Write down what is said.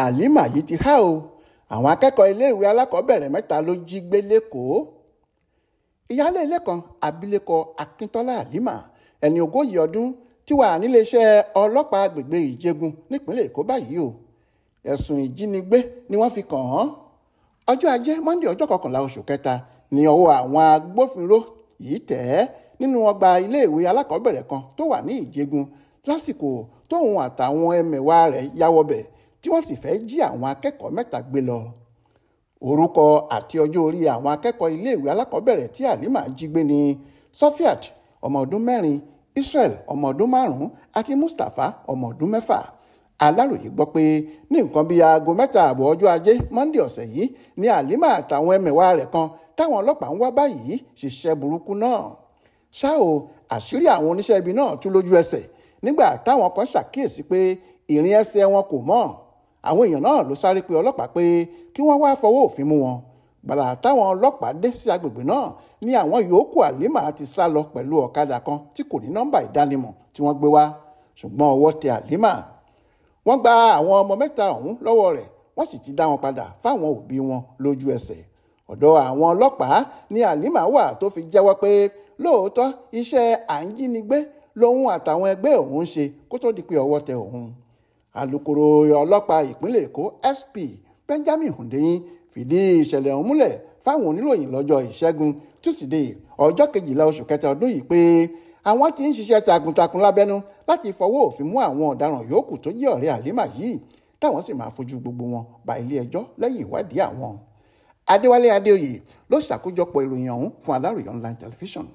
àlímà yìí ti há o àwọn akẹ́kọ̀ọ́ iléèwé alákọ̀ọ́bẹ̀rẹ̀ mẹ́ta ló jí gbé lẹ́kọ̀ọ́ ìyáálé ilé kan abilékọ akíntọ́lá àlímà ẹni ogójì ọdún ti wà níléeṣẹ́ ọlọ́pàá agbègbè ìjẹgun nípínlẹ̀ èkó báyìí o ẹ̀sùn ìjínigbé ni wọ́n fi kàn án ọjọ́ ajé monde ọjọ́ kọkànlá oṣù kẹta ni ọwọ́ àwọn agbófinró yìí tẹ̀ ẹ́ nínú ọgbà iléèwé alákọ̀ọ́bẹ̀rẹ̀ kan tó wà ní ìjẹgun lásìkò tóun àtàwọn ẹmẹ̀wà rẹ̀ yáwọ́ bẹ̀ẹ́ tí wọ́n sì fẹ́ jí àwọn akẹ́kọ̀ọ́ mẹ́ta gbé lọ. orúkọ àti ọjọ́ orí àwọn akẹ́kọ̀ọ́ iléèwé alákọ̀ọ́bẹ̀rẹ̀ tí Halima jí gbé ni Sofiat ọmọ ọdún mẹ́rin Israel ọmọ ọdún márùn-ún àti Mustapha ọmọ ọdún mẹ́fà aláròye gbọ́ pé ní nǹkan bíi aago mẹ́ta ààbọ̀ ọjọ́ ajé monde ọ̀sẹ̀ yìí ni Halima àtàwọn ẹmẹ̀wà rẹ̀ kan táwọn ọlọ́pàá ń wá báyìí ṣiṣẹ́ burúkú náà ṣá o àṣírí àwọn oníṣẹ́ ibi náà tú lójú ẹsẹ̀ nígbà táwọn kan ṣàkíyèsí pé ìrìn ẹsẹ̀ wọn kò mọ́ àwọn èèyàn náà ló sáré pe ọlọ́pàá pé kí wọ́n wá fọwọ́ òfin mú wọn gbàrà táwọn ọlọ́pàá dé sí agbègbè náà ni àwọn yòókù àlímà ti sá lọ pẹ̀lú ọ̀kadà kan tí kò ní nọ́mbà ìdánimọ̀ tí wọ́n gbé wá ṣùgbọ́n ọwọ́ tẹ àlímà wọ́n gba àwọn ọmọ mẹ́ta ọ̀hún lọ́wọ́ rẹ̀ wọ́n sì ti dá wọn padà fáwọn òbí wọn lójú ẹsẹ̀ ọ̀dọ̀ àwọn ọlọ́pàá ni àlímà wà tó fi jẹ́wọ́ pé lóòótọ́ iṣẹ́ à ń jínigbé lòun àtàwọn ẹgbẹ́ òun ṣe kó tó di pé ọwọ́ tẹ òun alūkkóró ọlọ́pàá ìpínlẹ̀ èkó sp benjamin hundeyin fìdí ìṣẹ̀lẹ̀ ọ̀hún múlẹ̀ fáwọn oníròyìn lọ́jọ́ ìṣẹ́gun túsídẹ̀ẹ́ ọjọ́ kejìlá oṣù kẹta ọdún yìí pé àwọn tí ń ṣiṣẹ́ takuntakun lábẹ́nú láti fọwọ́ òfin mú àwọn ọ̀daràn yòókù tó jẹ́ ọ̀rẹ́ àlímà yìí táwọn sì máa fojú gbogbo wọn ba ilé ẹjọ́ lẹ́yìn ìwádìí àwọn. adéwálé adéoyè ló ṣàkójọpọ̀ ìròyìn ọ̀hún fún aláròyé online television.